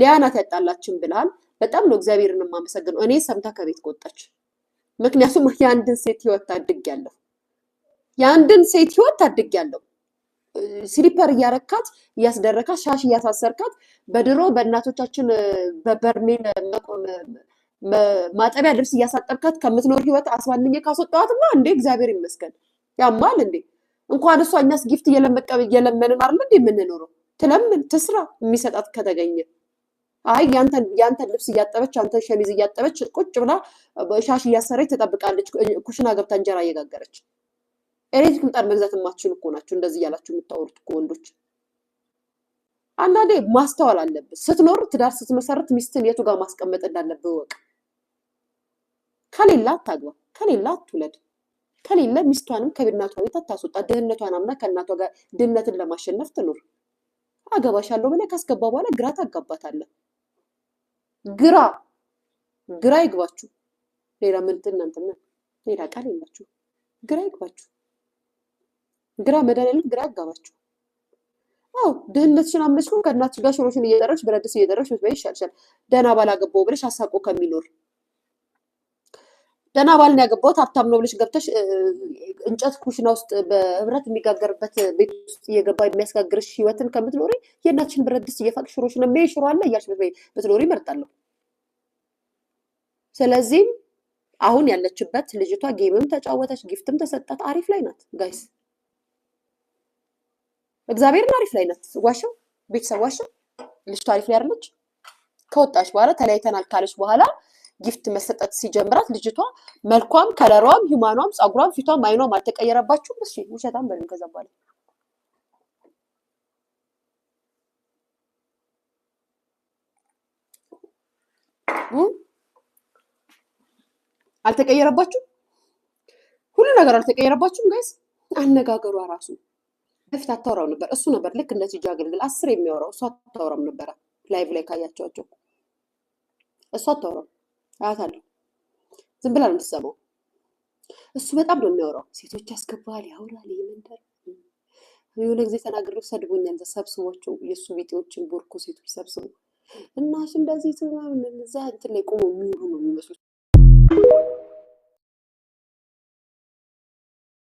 ሊያናት ያጣላችን ብላል በጣም ነው እግዚአብሔርን የማመሰግነው። እኔ ሰምታ ከቤት ከወጣች፣ ምክንያቱም የአንድን ሴት ህይወት ታድግ ያለው የአንድን ሴት ህይወት ታድግ ያለው ስሊፐር እያረካት እያስደረካት ሻሽ እያሳሰርካት በድሮ በእናቶቻችን በበርሜል ማጠቢያ ልብስ እያሳጠብካት ከምትኖር ህይወት አስባንኝ ካስወጣዋትማ እንዴ እግዚአብሔር ይመስገን ያማል እንዴ እንኳን እሷ እኛስ ጊፍት እየለመንን አይደል እንዴ የምንኖረው ትለምን ትስራ የሚሰጣት ከተገኘ አይ ያንተን ልብስ እያጠበች አንተን ሸሚዝ እያጠበች ቁጭ ብላ ሻሽ እያሰረች ትጠብቃለች፣ ኩሽና ገብታ እንጀራ እየጋገረች። ኤሌክትሪክ ምጣድ መግዛት የማትችሉ እኮ ናቸው እንደዚህ እያላችሁ የምታወሩት እኮ ወንዶች። አንዳንዴ ማስተዋል አለብህ። ስትኖር ትዳር ስትመሰረት ሚስትን የቱ ጋር ማስቀመጥ እንዳለብህ እወቅ። ከሌላ አታግባ፣ ከሌላ አትውለድ፣ ከሌለ ሚስቷንም ከቤድናቷ ቤት አታስወጣ። ድህነቷን አምና ከእናቷ ጋር ድህነትን ለማሸነፍ ትኖር። አገባሻለሁ ብለህ ካስገባ በኋላ ግራ ታጋባታለህ። ግራ ግራ ይግባችሁ። ሌላ ምን እናንተና ሌላ ቃል የላችሁ። ግራ ይግባችሁ። ግራ መድኃኒዓለም ግራ ያጋባችሁ። አዎ ድህነትሽን አምነሽ ነው ከእናትሽ ጋር ሽሮሽን እየጠረች ብረድስ እየጠረች ብትበይ ይሻልሻል። ደህና ባል አገባው ብለሽ አሳቆ ከሚኖር ደህና ባልን ያገባሁት ሀብታም ነው ብለሽ ገብተሽ እንጨት ኩሽና ውስጥ በህብረት የሚጋገርበት ቤት ውስጥ እየገባ የሚያስጋግርሽ ህይወትን ከምትኖሪ የእናትሽን ብረት ድስት እየፋቅሽ ሽሮሽን ሽሮ አለ እያልሽ ብትኖሪ ይመርጣለሁ። ስለዚህም አሁን ያለችበት ልጅቷ ጌምም ተጫወተች፣ ጊፍትም ተሰጣት፣ አሪፍ ላይ ናት ጋይስ። እግዚአብሔርን አሪፍ ላይ ናት። ዋሸው ቤተሰብ ዋሸው። ልጅቷ አሪፍ ላይ አይደለች። ከወጣች በኋላ ተለያይተናል ካለች በኋላ ጊፍት መሰጠት ሲጀምራት ልጅቷ መልኳም፣ ከለሯም፣ ሂማኗም፣ ፀጉሯም፣ ፊቷም፣ አይኗም አልተቀየረባችሁም። እሺ ውሸታም በሉኝ ከዛ በኋላ እ አልተቀየረባችሁ? ሁሉ ነገር አልተቀየረባችሁም ጋይስ? አነጋገሯ ራሱ በፊት አታወራው ነበር። እሱ ነበር ልክ እንደ ቲጂ አገልግል አስር የሚያወራው እሱ አታወራም ነበረ። ላይቭ ላይ ካያቸዋቸው እሱ አታወራም። አያታለሁ ዝም ብላ ነው የምትሰማው። እሱ በጣም ነው የሚያወራው። ሴቶች ያስገባል፣ ያወራል። ይመንደር የሆነ ጊዜ ተናግሬው ሰድቦኛል። ሰብስቧቸው የእሱ ቢጤዎችን ቦርኮ ሴቶች ሰብስቦ እናሽ እንደዚህ ትምናምን እዛ እንትን ላይ ቆመው የሚውሉ ነው የሚመስሉ